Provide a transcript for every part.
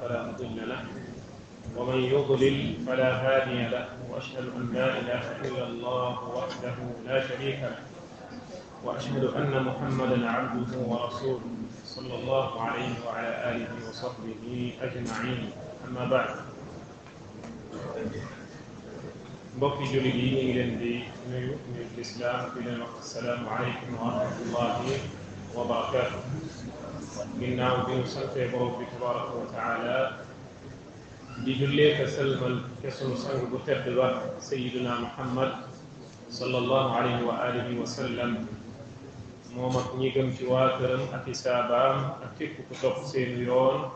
فلا مضل له ومن يضلل فلا هادي له واشهد ان لا اله الا الله وحده لا شريك له واشهد ان محمدا عبده ورسوله صلى الله عليه وعلى اله وصحبه اجمعين اما بعد بقي جلدي الى ñu ngi leen di nuyu nuyu lislaam di منا وبين سرتي بوبي تبارك وتعالى بجلية سلم الكسر سنه بتقبل سيدنا محمد صلى الله عليه وآله وسلم مومت نيغم تواترم أتي سابام أتي كتب سيريون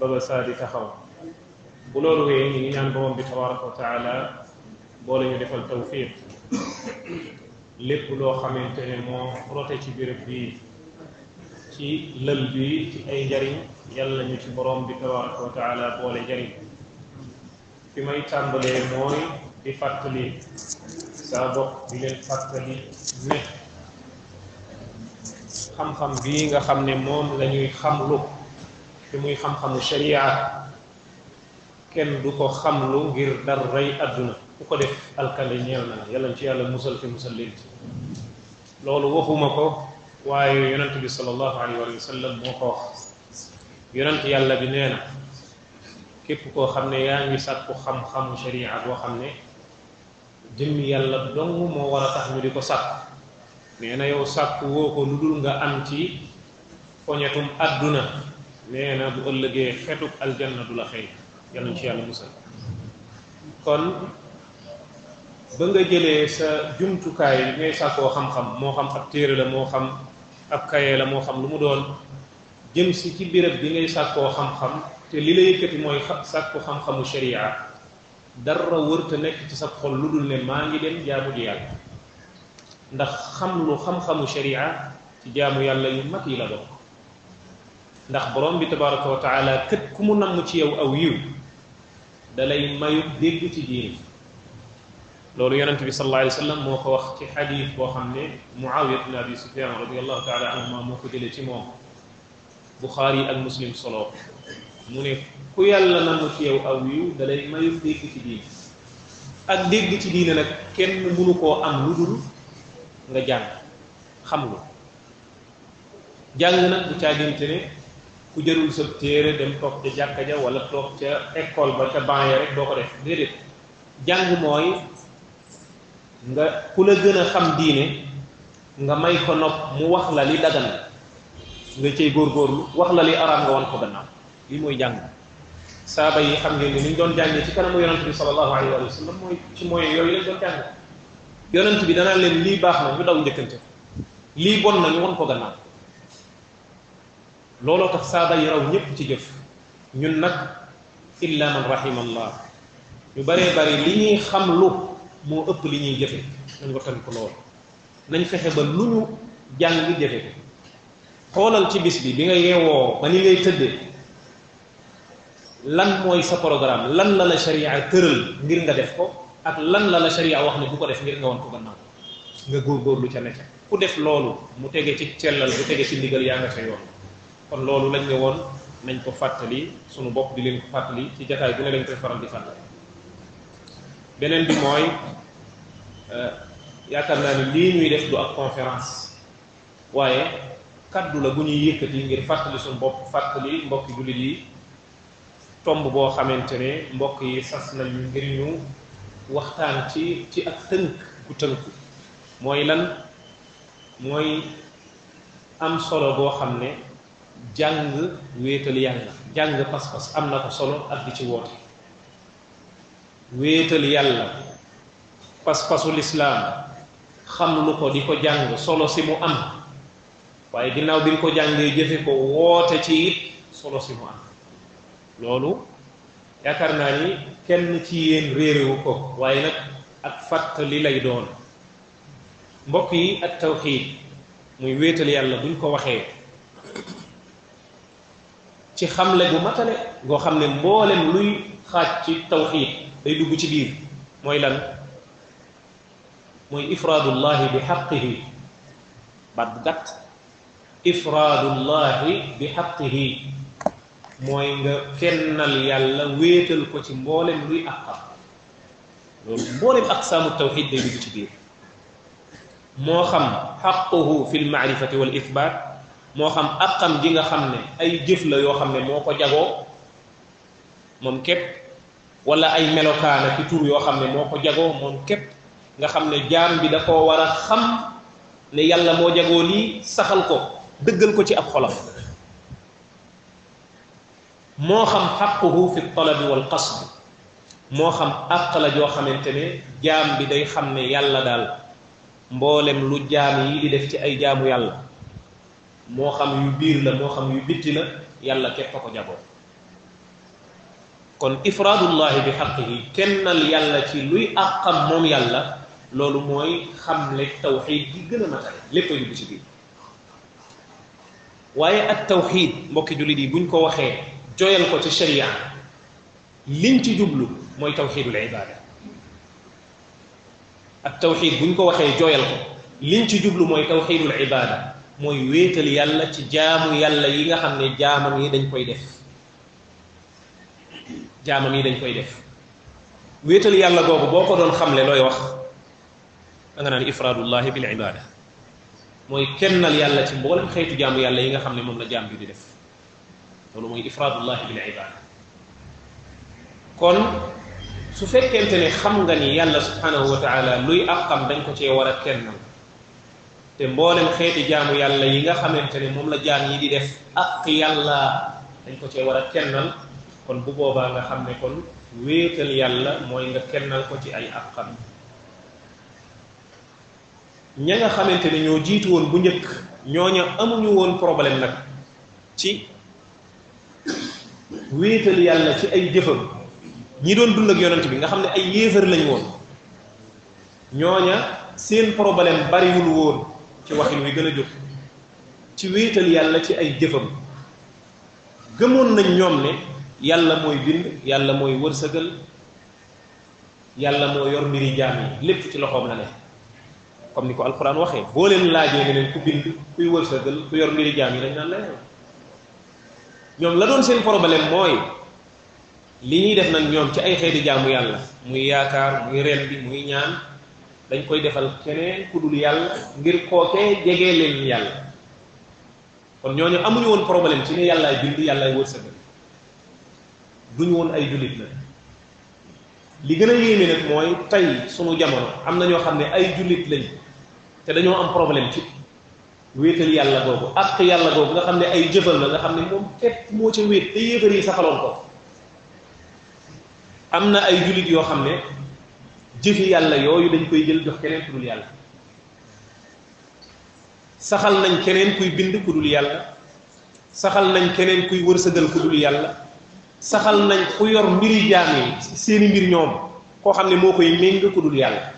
بابا سادي تخو بلور وين ينان بوم بتبارك وتعالى بولي يدف التوفيق لكل خمين تنمو روتي تبير بيه ci lëm bi ci ay njariñ yàlla ñu ci borom bi tabaraka wa taala boole jariñ fi may tàmbalee mooy di fàttali saa bopp di leen fàttali ne xam-xam bii nga xam ne moom la ñuy xamlu fi muy xam-xamu sharia kenn du ko xamlu ngir dar rey àdduna ku ko def alkande ñeel na la yàlla ci yàlla musal fi musal leen ci loolu waxuma ko waye yonent bi sallallahu alayhi wa sallam moo ko wax yonent yalla bi neena kep ko xamne xam ne yaa ngi sàkku xam sharia bo xamne ne yalla dong mo wara tax ñu di ko neena yow sàkku wo ko lu nga am ci poñetum aduna neena na bu ëllëgé xetuk aljanna du la ci yalla musal kon ba nga jëlé sa kay ngay ko xam-xam mo xam ak téré la mo xam ab kaye la moo xam lu mu doon jëm si ci birab bi ngay sàkkoo xam-xam te li la yëkkati mooy sàkku xam-xamu sharia dara wërta nekk ci sa xol lu ne maa ngi dem jaamu yàlla ndax xam lu xam-xamu sharia ci jaamu yàlla yu mag yi la bokk ndax borom bi tabaraka taala kët ku mu namm ci yow aw yiw dalay mayu dégg ci diini لولو يننت بي صلى الله عليه وسلم موخ وقت حديث وخمني معاوية بن أبي سفيان رضي الله تعالى عنهما موخ جلتي موم بخاري المسلم صلى الله موني كويا لنا نتيو أويو دلالي ما يفديك في دين أكديك في دين لك كن ملوكو أم لدر رجان خملو jang nak bu tiagentene ku jeerul sa téré dem tok ci jakaja wala tok ci école ba ca ban ya rek boko def nga ku la gën a xam diine nga may ko nopp mu wax la li dagan nga cey góorgóorlu wax la li araam nga wan ko gannaaw li mooy jàng saaba yi xam nga ni ñu doon jàngee ci kanamu yonent bi sallallahu alayhi wa sallam mooy ci bi danaa leen lii baax na ñu daw njëkkante lii bon na ñu wan ko gannaaw looloo tax saaba yi raw ñëpp ci jëf ñun nag illa man rahima ñu baree bari li ñuy xam lu mo ëpp li ñuy jëfé nañ ko tan ko lool nañ fexé ba lu ñu jàng jëfe ko xolal ci bis bi bi nga yéwo ba ni lay tëdd lan moy sa programme lan la la sharia tëral ngir nga def ko ak lan la la sharia wax ni bu ko def ngir nga won ko gannaaw nga lu ca nekk ku def loolu mu tege ci cellal bu tege ci ndigal ya nga ca yoon kon loolu lañ nga won nañ ko fàttali sunu bopp di leen ko fàttali ci jataay bu ne lañ koy faral di fàttali benen bi moy, euh, yaakaar na ni li ñuy def du ak conférence waye kaddu la bu ñuy yëkëti ngir fatali suñu bopp fatali mbokk julit yi tomb bo xamantene mbokk yi sas ñu ngir ñu waxtaan ci ci ak tënk ku tënku moy lan moy am solo bo xamne jang wétal yalla jang pass pas-pas ko solo ak di ci wote wéetal yàlla pas-pasu lislaam xam lu ko di ko jàng solo si mu am waaye ginnaaw bi nga ko jàngee jëfe ko woote ci it solo si mu am loolu yaakaar naa ni kenn ci yéen réeréwu ko waaye nag ak fàttali lay doon mbokk yi ak tawxiid muy wéetal yàlla buñ ko waxee ci xamle bu matale goo xam ne mboolem luy xaaj ci tawxiid day dugg ci biir mooy lan mooy ifraadullahi bi xaqihi baat bu gàtt ifraadullahi bi xaqihi mooy nga kennal yàlla wéetal ko ci mboolem luy àqam loolu mboolem aqsaamu tawxid day dugg ci biir moo xam xaquhu fi lmaarifati wal ithbat moo xam àqam gi nga xam ne ay jëf la yoo xam ne moo ko jagoo moom képp wala ay melokaana ci tur yoo xam ne moo ko jagoo moom képp nga xam ne jaam bi da koo war a xam ne yàlla moo jagoo lii saxal ko dëggal ko ci ab xolam moo xam xaquhu fi talabi wal qasd moo xam àq la joo xamante ne jaam bi day xam ne yàlla daal mboolem lu jaam yi di def ci ay jaamu yàlla moo xam yu biir la moo xam yu bitti la yàlla képp ko jagoo kon ifraadullahi bi haqqihi kennal yàlla ci luy àqam mom yàlla lolou moy xamle tawhid gi gëna ma tay lépp a ci bi waye at tawhid mbokk jullit yi buñ ko waxé joyal ko ci sharia liñ ci jublu moy tawhidul ibada at tawhid buñ ko waxé joyal ko liñ ci jublu moy tawhidul ibada moy wétal yàlla ci jaamu yàlla yi nga xamné jaamam yi dañ koy def jaamam yi dañ koy def wéetal yàlla googu boo ko doon xamle looy wax da nga naan ifraadullahi bil ibada mooy kennal yàlla ci mboolem xeetu jaamu yàlla yi nga xam ne moom la jaam bi di def loolu mooy ifraadullahi bil ibada kon su fekkente ne xam nga ni yàlla subhanahu wa taala luy àqam dañ ko cee war a kennal te mboolem xeeti jaamu yàlla yi nga xamante ne moom la jaam yi di def ak yàlla dañ ko cee war a kennal kon bu boobaa nga xam ne kon wéetal yàlla mooy nga kennal ko ci ay àqam ña nga xamante ne ñoo jiitu woon bu njëkk ñooña amuñu woon problème nag ci wéetal yàlla ci ay jëfam ñi doon dund ak yonent bi nga xam ne ay yéefar lañ woon ñooña seen problème bariwul woon ci waxin wi gën a jóg ci wéetal yàlla ci ay jëfam gëmoon nañ ñoom ne Yalla mooy bind yalla mooy wërsëgal yalla mo yor mbiri jami lepp ci loxom la nek comme niko alcorane waxe bo len laaje ngeen ku bind ku ku yor mbiri jami dañ naan la ñom la doon seen problème mooy li ñi def nak ñom ci ay xeeti jaamu yalla muy yaakar muy ren bi muy ñaan dañ koy defal keneen ku dul yalla ngir kookee jegee leen yalla kon ñoñu amuñu won problème ci ni yalla bind yalla duñ woon ay julit nag li gën a yéeme nag mooy tey sunu jamono am na ñoo xam ne ay julit lañ te dañoo am problème ci wéetal yàlla googu ak yàlla googu nga xam ne ay jëfal la nga xam ne moom képp moo ca wéet te yéefar yi saxaloon ko am na ay julit yoo xam ne jëfi yàlla yooyu dañ koy jël jox keneen ku dul yàlla saxal nañ keneen kuy bind ku dul yàlla saxal nañ keneen kuy wërsëgal ku dul yàlla saxal nañ ku yor mbiri jami yi seeni mbir ñoom koo xam ne moo koy méng ko dul yàlla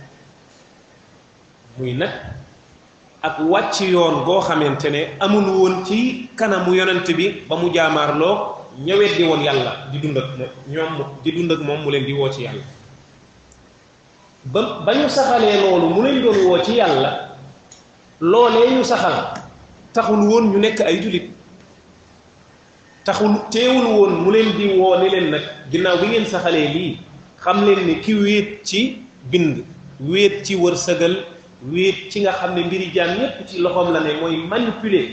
muy nag ak wàcc yoon boo xamante ne amul woon ci kanamu yonent bi ba mu jaamaarloo ñëwet di woon yàlla di dund ak ñoom di dund ak moom mu leen di woo ci yàlla ba ba ñu saxalee loolu mu leen doon woo ci yàlla loolee ñu saxal taxul woon ñu nekk ay julit taxul teewul woon mu leen di woo ni leen nag ginnaaw bi ngeen saxalee lii xam leen ni ki wéet ci bind wéet ci wërsëgal wéet ci nga xam ne mbiri jaam yépp ci loxoom la ne mooy manipuler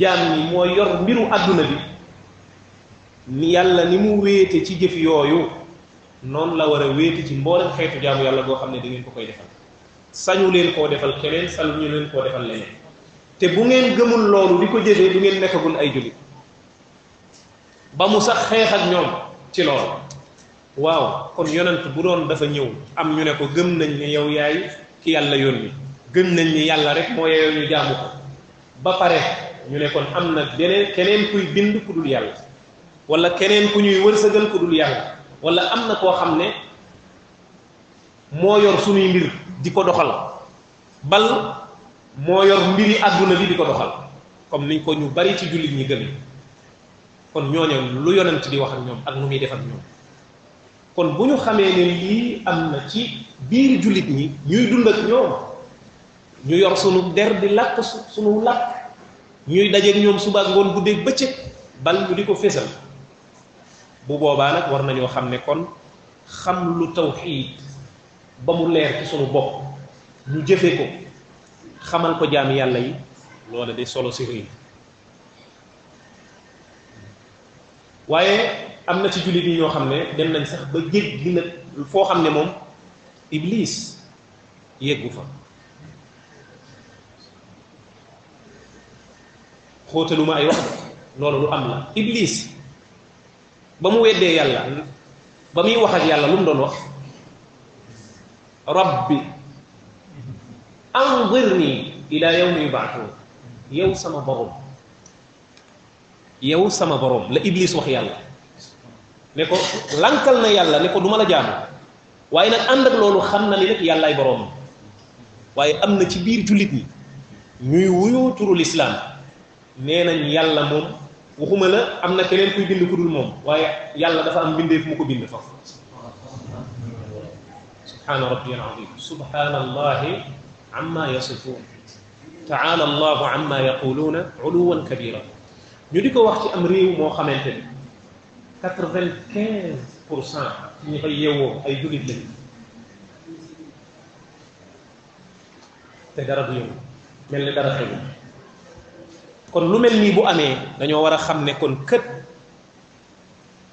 jaam ñi moo yor mbiru àdduna bi ni yàlla ni mu wéete ci jëf yooyu noonu la war a wéete ci mboole xeetu jaamu yàlla goo xam ne da ngeen ko koy defal sañu leen koo defal keneen sañu leen koo defal leneen te bu ngeen gëmul loolu li ko jëfee du ngeen nekkagul ay jullit ba mu sax xeex ak ñoom ci loolu waaw kon yonent bu doon dafa ñëw am ñu ne ko gëm nañ ne yow yaay ki yàlla yónni gën nañ ni yàlla rek moo yeyoo ñu jaamu ko ba pare ñu ne kon am na beneen keneen kuy bind ku dul yàlla wala keneen ku ñuy wërsëgal ku dul yàlla wala am na koo xam ne moo yor suñuy mbir di ko doxal bal moo yor mbiri àdduna bi di ko doxal comme niñ ko ñu bari ci jullit ñi gëm kon ñooñu lu yonent di wax ak ñoom ak nu muy def ak ñoom kon bu ñu xamee ne lii am na ci biir jullit ñi ñuy dund ak ñoom ñu yor sunu der di làkk su sunu làkk ñuy dajeeg ñoom suba ngoon ngoon guddeeg bëccëg bal ñu di ko fésal bu boobaa nag war na ñoo xam ne kon xam lu tawxiid ba mu leer ci sunu bopp ñu jëfe ko xamal ko jaam yàlla yi loola day solo si réew waaye am na ci jullit yi ñoo xam ne dem nañ sax ba jéggi na foo xam ne moom iblis yeggu fa xóotaluma ay wax loolu lu am la iblis ba mu weddee yàlla ba muy wax ak yàlla lu mu doon wax rabbi anzirni ila yawmi yubaatuun yow sama borom yow sama borom la iblis wax yàlla ne ko lankal na yàlla ne ko duma la jamm waye nak ànd ak lolu xam na ni yalla ay borom waye amna ci bir julit ñi ñuy wuyu turu l'islam nee yàlla mom waxuma la amna keneen kuy bind ku dul moom waaye yàlla dafa am bindé fu ko bind fa سبحان ربي العظيم سبحان الله عما يصفون تعالى الله عما يقولون علوا كبيرا ñu di ko wax ci am réew moo xamante ni quatre pour cent ci ñi fay yeewoo ay julit lañu te dara du yëngu mel ni dara xewu kon lu mel nii bu amee dañoo war a xam ne kon kët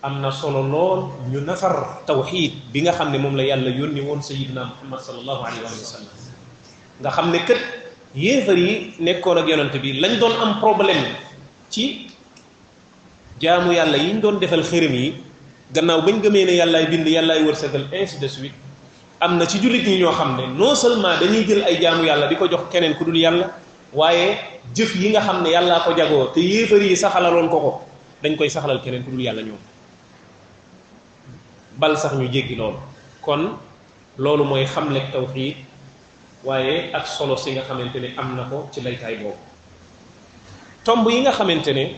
am na solo lool ñu nafar tawxid bi nga xam ne moom la yàlla yónni woon sayidina muhammad salallahu alayhi wa sallam nga xam ne kët yéefar yi nekkoon ak yonante bi lañ doon am problème ci jaamu yàlla yi ñu doon defal xërëm yi gannaaw bañ gëmee ne yàllaay bind yàllaay wërsëgal ainsi de suite am na ci jullit ñi ñoo xam ne non seulement dañuy jël ay jaamu yàlla di ko jox keneen ku dul yàlla waaye jëf yi nga xam ne yàllaa ko jagoo te yéefar yi saxalaloon ko ko dañ koy saxalal keneen ku dul yàlla ñoom bal sax ñu jéggi loolu kon loolu mooy xamle tawxiid waaye ak solo si nga xamante ne am na ko ci laytaay boobu tomb yi nga xamante ne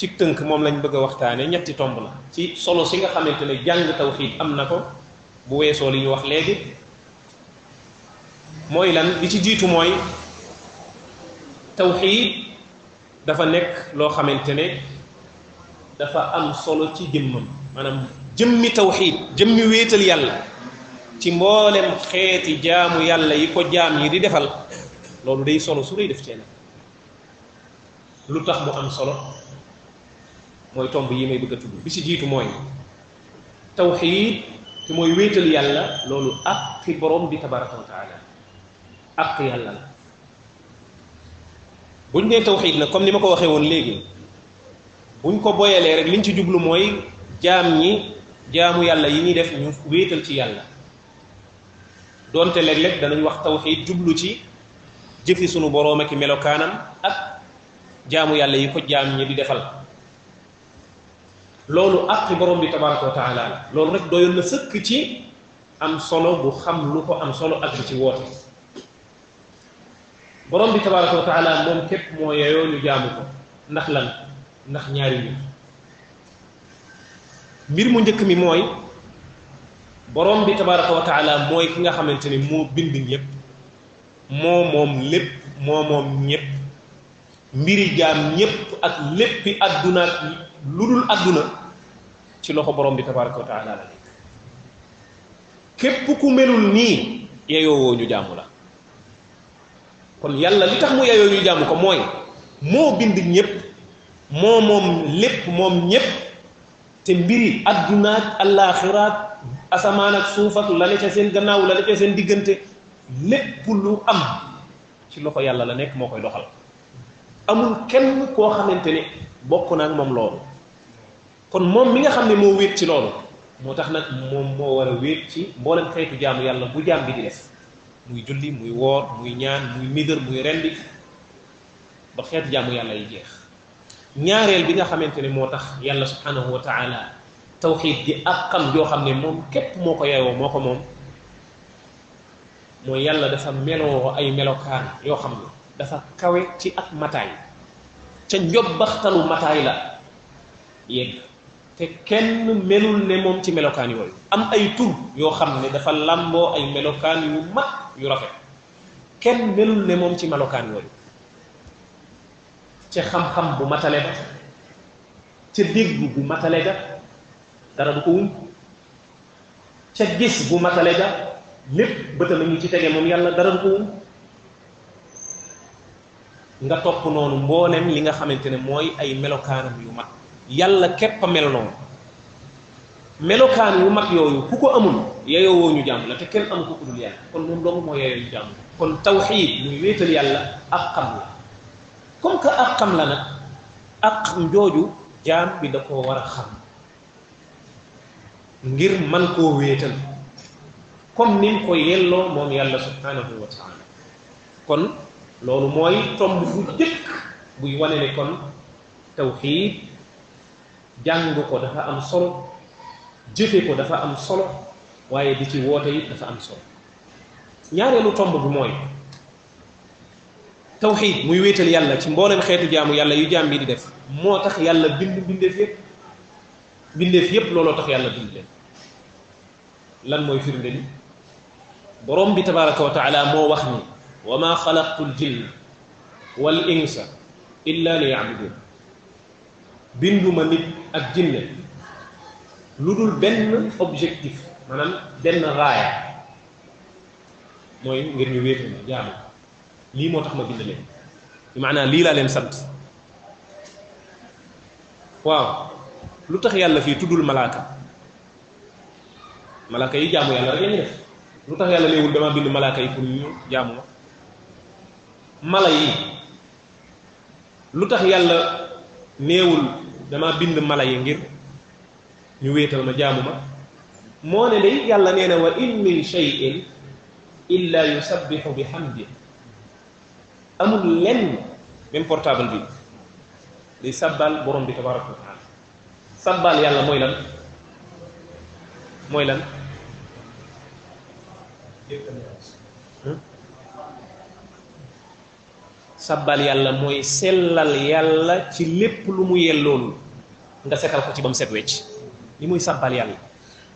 ci tënk moom lañ bëgg a waxtaane ñetti tomb la ci solo si nga xamante ne jàng tawxiid am na ko bu weesoo li ñu wax léegi mooy lan li ci jiitu mooy tawxiid dafa nekk loo xamante ne dafa am solo ci jëmmam maanaam jëmmi tawxiid jëmmi wéetal yàlla ci mboolem xeeti jaamu yàlla yi ko jaam yi di defal loolu day solo su rëy def cee lu tax mu am solo mooy tomb yi may bëgg a tudd bi si jiitu mooy tawxiid te mooy wéetal yàlla loolu ak boroom borom bi tabaraka wa taala ak yàlla la buñ nee tawxiid nag comme ni ma ko waxee woon léegi buñ ko boyalee rek liñ ci jublu mooy jaam ñi jaamu yàlla yi ñuy def ñu wéetal ci yàlla doonte léeg-léeg danañ wax tawxiid jublu ci jëfi sunu boroom ak melokaanam ak jaamu yàlla yi ko jaam ñi di defal lolu àqi borom bi tabaraka taala lolu rek doyoon na sëkk ci am solo bu xam lu ko am solo ak ci woote borom bi tabaraka taala mom kep mo yeyo ñu jaamu ko ndax lan ndax ñaari ñu bir mu ñëk mi moy borom bi tabaraka taala moy ki nga xamanteni mo bind ñep mo mom lépp mo mom ñep mbiri jaam ñep ak lepp aduna lu dul adduna ci loxo borom bi tabaraka wa taala la nekk képp ku melul nii yeyoo woo ñu jaamu la kon yàlla li tax mu yeyoo ñu jaamu ko mooy moo bind ñépp moo moom lépp moom ñépp te mbiri addunaak allaaxiraak asamaan ak suuf ak la ne seen gannaaw la ne seen diggante lépp lu am ci loxo yàlla la nekk moo koy doxal amul kenn koo xamante ne bokk na ak moom loolu kon mom mi nga xamne mo wet ci lolu motax nak mom mo wara wet ci mbolam xeytu jaamu yalla bu jaam bi di def muy julli muy wor muy ñaan muy midir muy rendi ba xeytu jaamu yalla yi jeex ñaareel bi nga xamantene motax yalla subhanahu wa taala tawhid di akam jo xamne mom kep moko yewoo moko mom mo yalla dafa melo ay melokaan yoo xam ne dafa kawé ci ak matay ca baxtalu matay la yegg te kenn melul ne moom ci melokaan yooyu am ay tur yoo xam ne dafa làmboo ay melokaan yu mat yu rafet kenn melul ne moom ci melokaan yooyu ci xam-xam bu matale ba ca dégg bu matale ga dara du ko wum ca gis bu matale ga lépp bëta la ñu ci tege moom yàlla dara du ko wum nga topp noonu mboolem li nga xamante ne ay melokaanam yu yàlla képp mel noonu melokaan wu mag yooyu ku ko amul yeyoo woo ñu jàmm la te kenn amu ko dul yàlla kon moom dong moo yeyoo ñu jàmm kon tawxiid muy wéetal yàlla ak xam la comme que ak bi da koo war ngir man ko yelloo moom yàlla subhanahu wa taala kon loolu mooy tomb bu jëkk buy wane ne tawxiid jàng ko dafa am solo jëfe ko dafa am solo waaye di ci woote it dafa am solo ñaareelu tomb bi mooy tawxid muy wéetal yàlla ci mboolem xeetu jaamu yàlla yu jaam bi di def moo tax yàlla bind bindeef yépp bindeef yépp looloo tax yàlla bind leen lan mooy firnde li borom bi tabaraka wa taala moo wax ni wa ma xalaqtu l jinna wal insa illa li yacbudun binduma nit ak jinne lu dul benn objectif maanaam benn raaya mooy ngir ñu wéetu ma jaamu lii moo tax ma bind leen bi maanaam lii laa leen sant waaw lu tax yàlla fii tuddul malaaka malaaka yi jaamu yàlla rek la def lu tax yàlla léewul dama bind malaaka yi pour ñu jaamu mala yi lu tax yàlla néewul dama bind mala yi ngir ñu wéetal ma jaamu ma moo ne day yàlla nee na wa in min shay'in illa yusabbihu bi hamdi amul lenn même portable bi di sabbal borom bi tabaraka wa sabbal yàlla mooy lan mooy lan sabbal yàlla mooy sellal yàlla ci lépp lu mu yelloon nga setal ko ci ba mu set wecc li mooy sabbal yàlla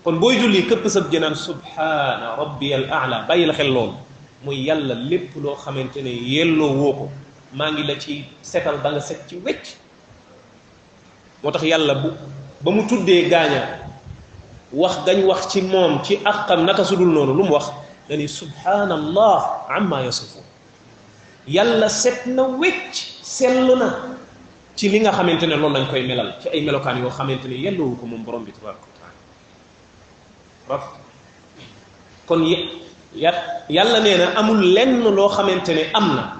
kon booy julli këpp sab jënaan subhaana rabbiyal aala bàyyi la xel loolu mooy yàlla lépp loo xamante ne yelloo woo ko maa ngi la ci setal ba nga set ci wecc moo tax yàlla bu ba mu tuddee gaaña wax gañ wax ci moom ci àqam naka sudul noonu lu mu wax dani subhaanallah amma yasifun Yalla set na wécc na ci li nga xamantene ne loolu lañ koy melal ci ay melokaan yoo xamantene ne ko mom borom bi tabaraka wa taala rab kon ya, ya, yàlla nee amul lenn loo xamantene ne am na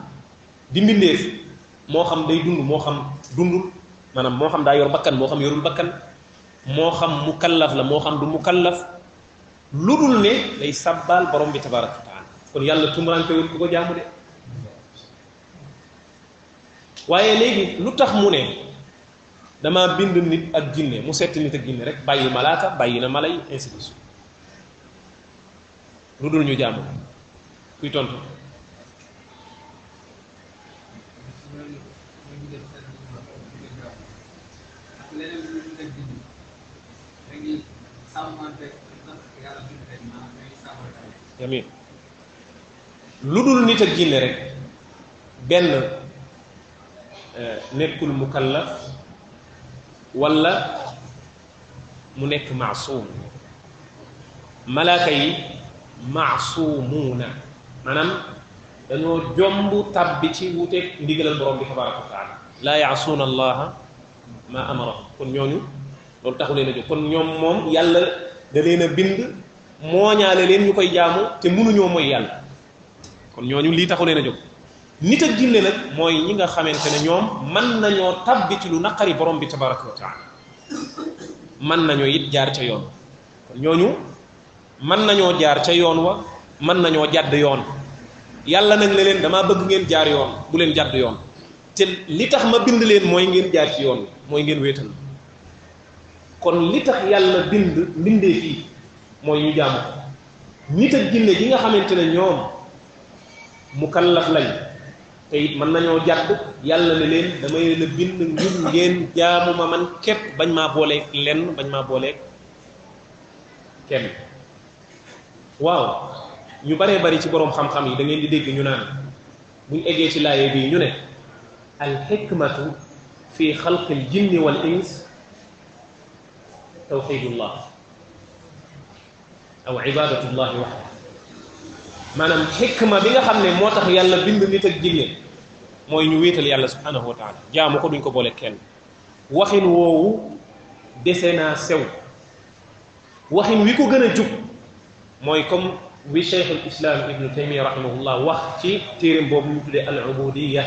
di mbindeef moo xam day dund moo xam dundul manam moo xam daa yor bakkan moo xam yorul bakkan moo xam mukallaf la moo xam du mukallaf ludul ne lay sabbal borom bi tabaraka wa taala kon tumran tumurankewul ku ko jaamu de waaye léegi lu tax mu ne dama bind nit ak jinne mu setti nit ak jinne rek bàyyi malaaka bàyyi na mala yi ainsi lu dul ñu jàmm lu dul nit ak jinne rek benn nekkul mukallaf wala mu nekk maasuum malaaka yi maasuumuuna maanaam dañoo jomb tabbi ci wuuteeg ndigalal borom bi tabaraka wa taala laa yaasuuna allaha ma amarahum kon ñooñu loolu taxu leen a jóg kon ñoom moom yàlla da leen a bind mooñaale leen ñu koy jaamu te mënuñoo mooy yàlla kon ñooñu lii taxu leen a jóg nit ak jinne nag mooy ñi nga xamante ne ñoom mën nañoo tabbi lu naqari borom bi tabaraka wa taala mën nañoo it jaar ca yoon kon ñooñu mën nañoo jaar ca yoon wa mën nañoo jàdd yoon yàlla nag ne leen damaa bëgg ngeen jaar yoon bu leen jàdd yoon te li tax ma bind leen mooy ngeen jaar ci yoon mooy ngeen wéetal kon li tax yàlla bind mbindee fii mooy ñu jaamu ko nit ak jinne yi nga xamante ne ñoom mu mukallaf lañ te it mën nañoo jàpp yàlla ne leen damay leen a bind ngir ngeen jaamu ma man képp bañ maa booleeg lenn bañ maa booleeg kenn waaw ñu bare bari ci borom xam-xam yi da ngeen di dégg ñu naan buñ eggee ci laaye bii ñu ne al hikmatu fi xalqi al jinni wal ins tawxidullah aw ibadatullahi waxdahu manam hikma bi nga xamne motax yàlla bind nit ak jinne moy ñu wétal yàlla subhanahu wa taala jaamu ko duñ ko bolé kenn waxin woowu desena sew waxin wi ko gëna juk moy comme wi cheikh al islam ibnu taymia rahimahullah wax ci téeréem bobu ñu tuddee al ubudiya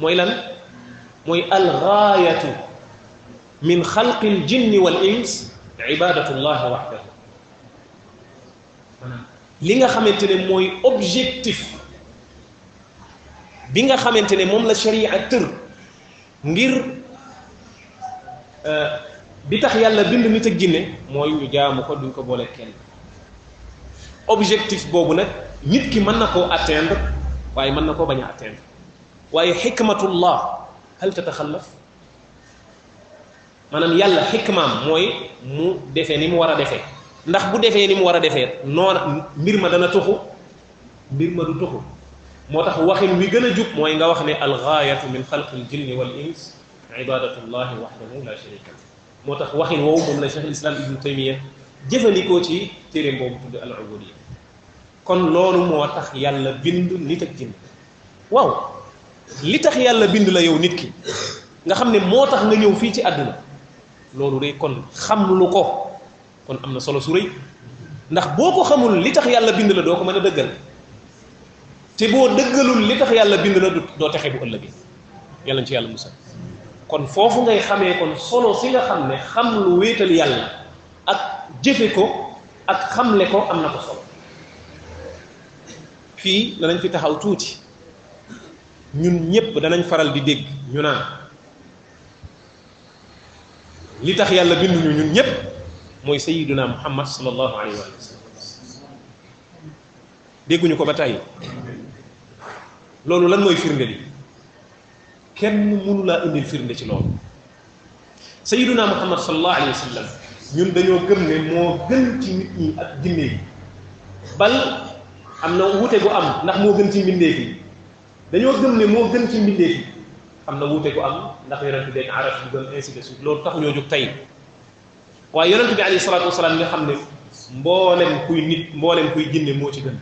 moy lan moy al ghayatu min xalqi al jinni wal ins ibadatu allah wahdahu li nga xamantene ne mooy objectif bi nga xamantene ne moom la sharia tër ngir bi tax yàlla bind nit ak jinne mooy ñu jaamu ko duñ ko boole kenn objectif boobu nag nit ki mën na koo atteindre waaye mën na koo bañ a atteindre waaye hikmatullah hal tatakhallaf maanaam yàlla xikmaam mooy mu defee ni mu war a defee ndax bu defé ni mu war a defee mbir ma dana tuxu mbir ma du tuxu motax waxin wi gëna juk moy nga wax ne al algaayatu min khalqil jinni wal ins ibadatu llahi wahdahu la sharika motax waxin wo mom la cheikh islam ibnu taymia jëfandikoo ci téré boobu tudd al ubudiyya kon lolu motax yàlla bind nit ak jinn waw li tax yàlla bind la yow nit ki nga xamne motax nga ñëw fi ci aduna lolu rek kon xam lu ko kon am na solo su rëy ndax boo ko xamul li tax yàlla bind la doo ko mën a dëggal te boo dëggalul li tax yàlla bind la doo texe bu ëllëgee yàlla ci yàlla musal kon foofu ngay xamee kon solo si nga xam ne xam lu wéetal yàlla ak jëfe ko ak xamle ko am na ko solo fii danañ fi taxaw tuuti ñun ñépp danañ faral di dégg ñu naan li tax yàlla binduñu ñun ñépp mooy sayiduna muhammad sallallahu alayhi wa sallam dégguñu ko ba tàyyi loolu lan mooy firnde li kenn mënulaa indil firnde ci loolu sayiduna muhammad sallallahu alayhi wa sallam ñun dañoo gëm moo gën ci nit ñi ak jinne yi am na wuute gu am ndax moo gën ci mbindeef dañoo gëm ne moo gën ci mbindeef yi am na wuute gu am ndax yonent bi dañ araf bu gën ainsi de suite loolu taxuñoo jóg tey waaye yonent bi alayhi salatu wasalaam nga xam ne mboolem kuy nit mboolem kuy jinne moo ci gën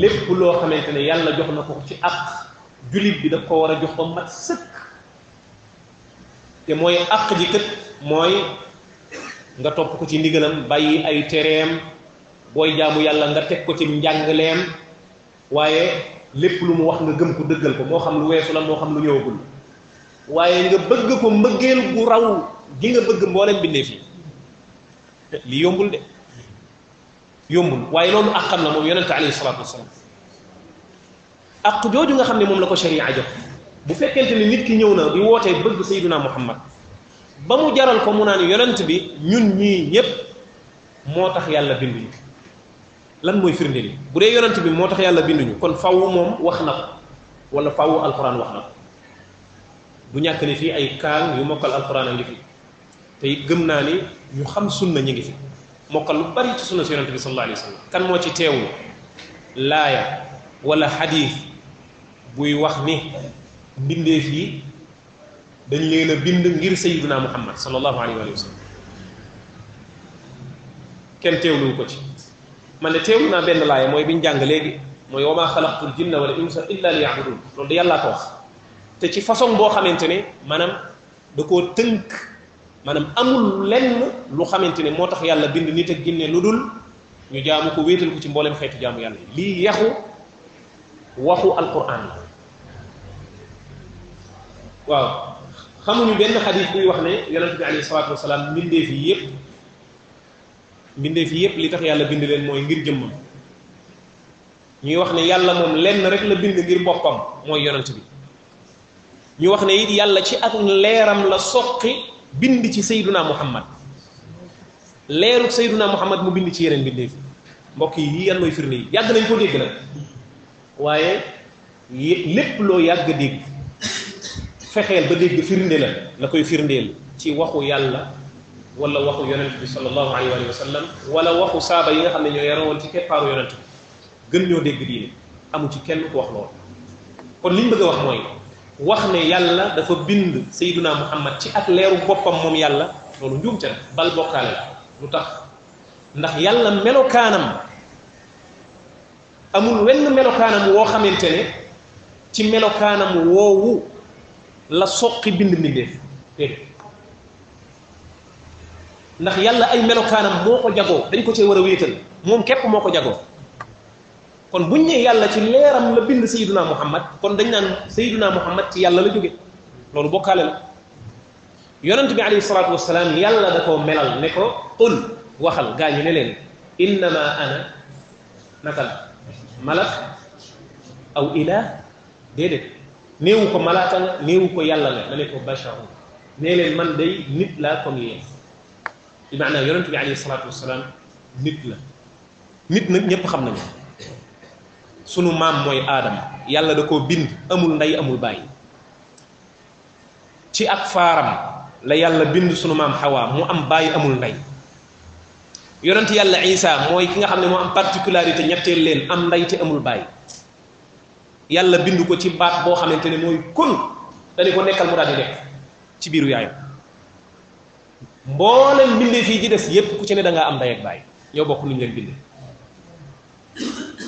lépp loo xamante ne yàlla jox na ko ci ak julit bi daf ko war a jox ba mat sëkk te mooy ak ji kët mooy nga topp ko ci ndigalam bàyyi ay tereem booy jaamu yàlla nga teg ko ci njàngaleem waaye lépp lu mu wax nga gëm ko dëggal ko moo xam lu weesu la moo xam lu ñëwagul waaye nga bëgg ko mbëggeel gu raw gi nga bëgg mboolem bindeef yi li yombul de yombul waaye loolu àqam la moom yonente alayhi salaatu wasalaam àq jooju nga xam ne moom la ko sharia jox bu fekkente ni nit ki ñëw na di wootee bëgg sayduna muhammad ba mu jaral ko mu naan yonent bi ñun ñii ñépp moo tax yàlla binduñu lan mooy firnde li bu dee yonent bi moo tax yàlla binduñu kon faww moom wax na ko wala faww alquran wax na ko du ñàkk ni fii ay kaan yu mokkal alxuraan a ngi fi te gëm naa ni ñu xam sunna ñu ngi fi mokkal lu bari ci sunna si yonente bi sallallahu alayhi kan moo ci teewul laaya wala xadiis buy wax ni mbindeef yi dañ leen a bind ngir sayyiduna muhammad sallallahu alayhi wa sallam kenn teewlu ko ci man de teewlu naa benn laaya mooy bi ñu jàng léegi mooy wa maa xalaqtul jinna wala insa illa li ya'budun loolu de yàllaa ko wax te ci façon boo xamante ne maanaam da koo tënk maanaam amul lenn lu xamante ne moo tax yàlla bind nit ak ginne lu dul ñu jaamu ko wéetal ko ci mbooleem xeetu jaamu yàlla yi lii yaxu waxu alquran la waaw xamuñu benn xadis buy wax ne yonente bi alayhi salaatu wasalaam mbindeef yi yépp mbindeef yi yépp li tax yàlla bind leen mooy ngir jëmmam ñuy wax ne yàlla moom lenn rek la bind ngir boppam mooy yonent bi ñu wax ne it yàlla ci ak leeram la soqi bind ci sayduna muhammad leeru sayduna muhammad mu bind ci yeneen bindee fi mbokk yi yii yan mooy firnde yi yàgg nañ ko dégg nag waaye lépp loo yàgg dégg fexeel ba dégg firnde la la koy firndeel ci waxu yàlla wala waxu yonent bi sallallahu alayhi wa sallam wala waxu saaba yi nga xam ne ñoo yaroon ci keppaaru yonent bi gën ñoo dégg diine amu ci kenn ko wax lool kon liñ bëgg wax mooy wax ne yàlla dafa bind sayduna muhammad ci ak leeru boppam moom yàlla loolu njuumte la bal bokkaale la lu tax ndax yàlla melokaanam amul wenn melokaanam woo xamante ne ci melokaanam woowu la soqi bind mbindeef ndax yàlla ay melokaanam moo ko jagoo dañ ko cee war a wéetal moom képp moo ko jagoo kon buñ ne yàlla ci leeram la bind sayyiduna muhammad kon dañ naan sayyiduna muhammad ci yàlla la jóge loolu bokkaale la yonent bi alayhi yàlla da koo melal ne ko qul waxal gaa ñi ne leen ana naka la aw ilah déedéet néewu ko malaaka la néewu ko yàlla la ne ko basharu nee man day nit laa comme yéen bi maanaam yonent bi alayhi nit la nit nag ñépp xam nañu sunu maam mooy aadama yàlla da koo bind amul ndey amul bàyyi ci ak faaram la yàlla bind sunu maam xawaa mu am bàyyi amul ndey yonent yàlla isa mooy ki nga xam ne moo am particularité ñetteel leen am ndey te amul bàyyi yàlla bind ko ci baat boo xamante ne mooy kun dañu ko nekkal mu daal di nekk ci biiru yaayam mbooleen bindee fii ci des yépp ku ci ne da ngaa am ndey ak bàyyi ñoo bokk lu ñu leen bindee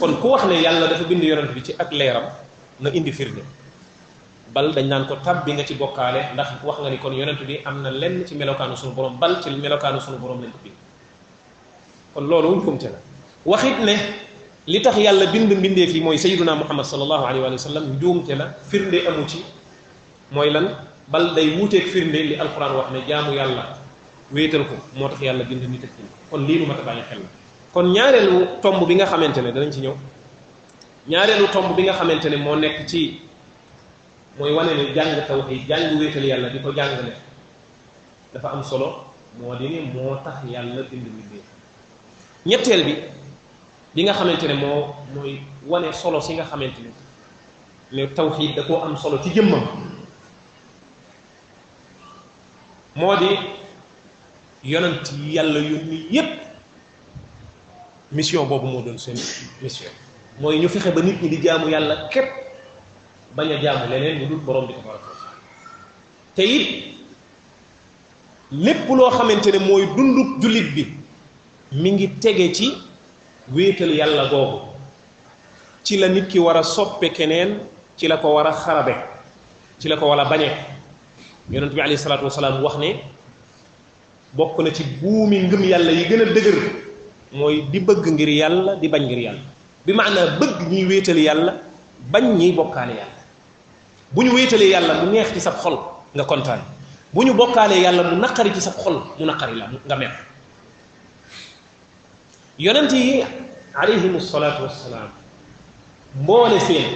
kon ku wax ne yàlla dafa bind yonent bi ci ak leeram na indi firne bal dañ naan ko tab bi nga ci bokkaale ndax wax nga ni kon yonent bi am na lenn ci melokaanu sunu borom bal ci melokaanu sunu borom lañ ko bind kon loolu wuñ kumte la waxit ne li tax yàlla bind mbindeef fi mooy sayiduna muhammad salallahu alayhi wa sallam njuumte la firnde amu ci mooy lan bal day wuuteeg firnde li alquran wax ne jaamu yàlla wéetal ko moo tax yàlla bind nit ak kon lii lu mat a bàyyi xel la kon ñaarelu tomb bi nga xamante ne danañ ci ñëw ñaarelu tomb bi nga xamante ne moo nekk ci mooy wane ne jàng tawxiid jàng wéetal yàlla di ko jàngale dafa am solo moo di ne moo tax yàlla mi mbindéef ñetteel bi bi nga xamante ne moo mooy wane solo si nga xamante ne ne tawxiid da koo am solo ci jëmmam moo di yonent yàlla yónni yépp mission boobu moo doon seen mission mooy ñu fexe ba nit ñi di jaamu yàlla képp bañ a jaamu leneen lu dul borom bi tabaraka wa te it lépp loo xamante ne mooy dundub jullit bi mi ngi tege ci wéetal yàlla googu ci la nit ki war a soppe keneen ci la ko war a xarabe ci la ko war a bañe yonent bi alayhi salaatu wasalaam wax ne bokk na ci buumi ngëm yàlla yi gën a dëgër mooy di bëgg ngir yàlla di bañ ngir yàlla bi maanaa bëgg ñiy wéetal yàlla bañ ñiy bokkaale yàlla bu ñu wéetalee yàlla mu neex ci sab xol nga kontaan bu ñu bokkaalee yàlla mu naqari ci sab xol mu naqari la nga mer yonent yi alayhimu salaatu wassalaam mboole seen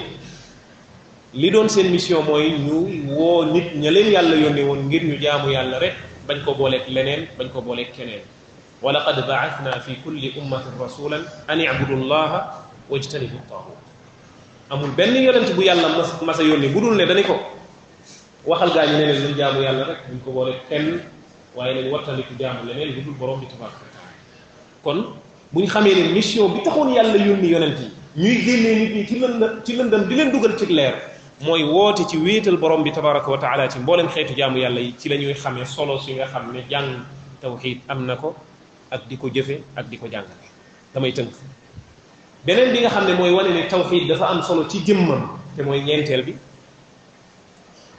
li doon seen mission mooy ñu woo nit ña leen yàlla yónnee woon ngir ñu jaamu yàlla rek bañ ko booleeg leneen bañ ko booleeg keneen ولقد بعثنا في كل أمة رسولا أن اعبدوا الله واجتنبوا الطاغوت أمول بن يونت بو يالا ما بدون لبنكو. بودول ني دانيكو واخال غا ني نين لون جامو يالا رك بو كو وور كين واي نين واتالي كو جامو لنين بودول بروم دي تبارك كون بو ني خامي ني ميسيون بي تاخون يالا يوني يونت ني جيني نيت ني تي لندن تي لندن دي لين دوغال تي موي ووتي تي ويتال بروم وتعالى تي مبولن خيتو جامو يالا تي لا نيو سولو سيغا خامي جان توحيد امناكو ak di ko jëfe ak di ko jàngale damay tënk beneen bi nga xam ne mooy wane ne tawxiid dafa am solo ci jëmmam te mooy ñeenteel bi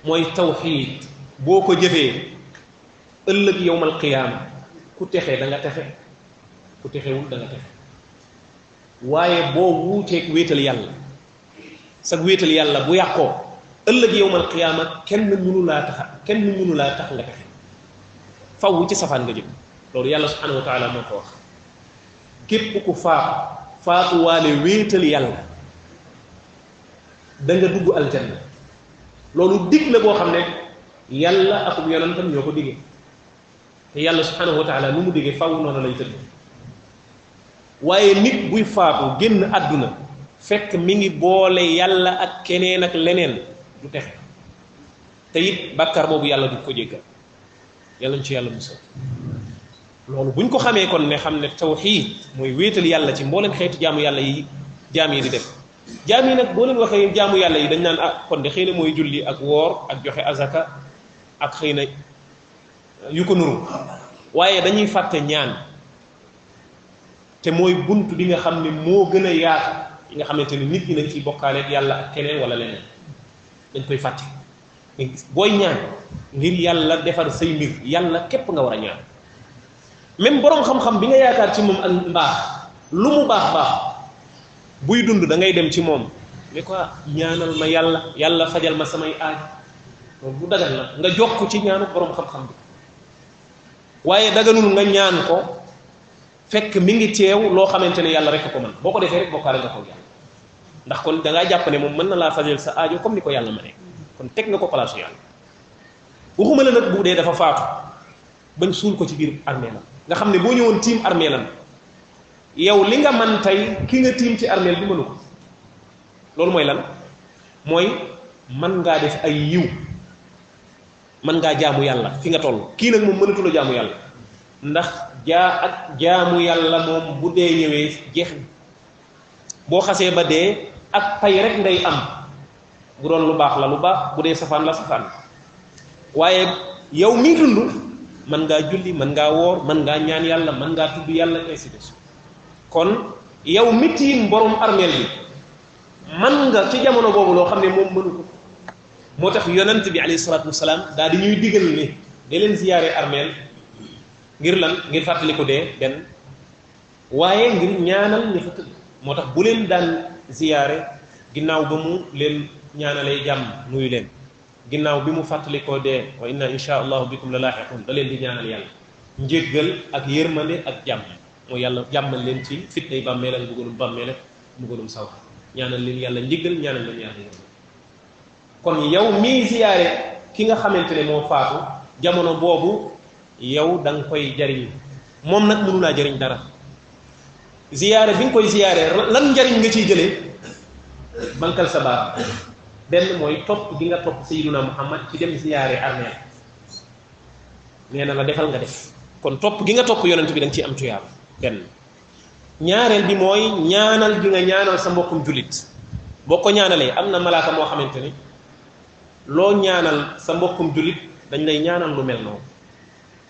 mooy tawxiid boo ko jëfee ëllëg yowmal qiyaama ku texe da texe ku texewul da nga texe waaye boo wuuteeg wéetal yàlla sag wéetal yàlla bu yàqoo ëllëg yowmal qiyaama kenn mënu laa tax kenn mënu laa tax nga texe faw ci safaan nga jëm loolu yàlla ya subhanahu wa taala moo ko wax képp ku faatu faatuwaale wéetal yàlla da nga dugg aljanna loolu dig la boo xam ne yàlla ak yonantam ñoo ko digge te yàlla ya subhanahu wa taala nu mu diggee faw noonu lay tëdd waaye nit buy faatu génn àdduna fekk mi ngi boole yàlla ak keneen ak leneen du texe te it bàkkaar boobu yàlla du ko jéggal yàlla ñu ci yàlla musal loolu buñ ko xamee kon ne xam ne tawxiid mooy wéetal yàlla ci mbooleem xeetu jaamu yàlla yi jaam yi di def jaam yi nag boo leen waxee jaamu yàlla yi dañ naan ah kon de xëy na mooy julli ak woor ak joxe azaka ak xëy na yu ko nuru waaye dañuy fàtte ñaan te mooy bunt bi nga xam ne moo gën a yaatu yi nga xamante ne nit ñi nañ ci bokkaale ak yàlla ak keneen wala leneen dañ koy fàtte booy ñaan ngir yàlla defar say mbir yàlla képp nga war a ñaan même borom xam-xam bi nga yaakar ci mom ak mbaax lu mu bax bax buy dund da ngay dem ci mom ni ko ñaanal ma yalla yalla fajal ma samay aaj loolu bu dagal la nga ko ci ñaanu borom xam-xam bi daganul nga ñaan ko fekk mi ngi tew lo xamantene yalla rek ko man boko defé rek bokkar nga ko yalla ndax kon da nga japp ne mom man na laa fajal sa aajo comme niko yalla yàlla mënee kon tek nga ko place yalla waxuma la nak bu dee dafa faatu bañ sul ko ci bir armée la nga xamne bo ñewon team armée lan yow li nga man tay ki nga tiim ci armée bi mënu ko loolu mooy lan moy man nga def ay yiw man nga jaamu yalla fi nga toll kii nag moom mënatu la jaamu yalla ndax ja ak jaamu yalla mom bu dee ñewé jeex bo xasse ba dee ak tay rek ngay am bu doon lu baax la lu baax bu dee safan la safan waye yow mi dund mën ngaa julli mën ngaa woor mën ngaa ñaan yàlla mën ngaa tudd yàlla ainsi de suite kon yow mitiin borom armeel bi mën nga ci jamono boobu loo xam ne moom mënu ko moo tax yonant bi alayhi salaatu wasalaam daal di ñuy digal ne da leen ziyaare armeel ngir lan ngir fàttali ko dee benn waaye ngir ñaanal ña fa tëdd moo tax bu leen daan ziyaare ginnaaw ba mu leen ñaanalee jàmm nuyu leen ginnaaw bi mu fàttalikoo dee wa inna insha allahu bikum la laaxiqun da leen di ñaanal yàlla njéggal ak yërmande ak jàmm mooy yàlla jàmmal leen ci fitnay bàmmeel ak mbugalum bàmmeel ak mbugalum saw ñaanal yàlla njéggal ñaanal leen yàlla yow mii ki nga xamante ne moo faatu jamono boobu yow da koy jariñ moom nag mënu jariñ dara ziyaare bi nga koy ziyaare lan njariñ nga ciy jëlee bankal sa baax benn mooy topp di nga topp sayyiduna muhammad ci dem ziyaare armeel nee na la defal nga def kon topp gi nga topp yonent bi da nga ciy am tuyaaba benn ñaareel bi mooy ñaanal gi nga ñaanal sa mbokkum jullit boo ko ñaanalee am na malaaka moo xamante ni loo ñaanal sa mbokkum jullit dañ lay ñaanal lu mel noonu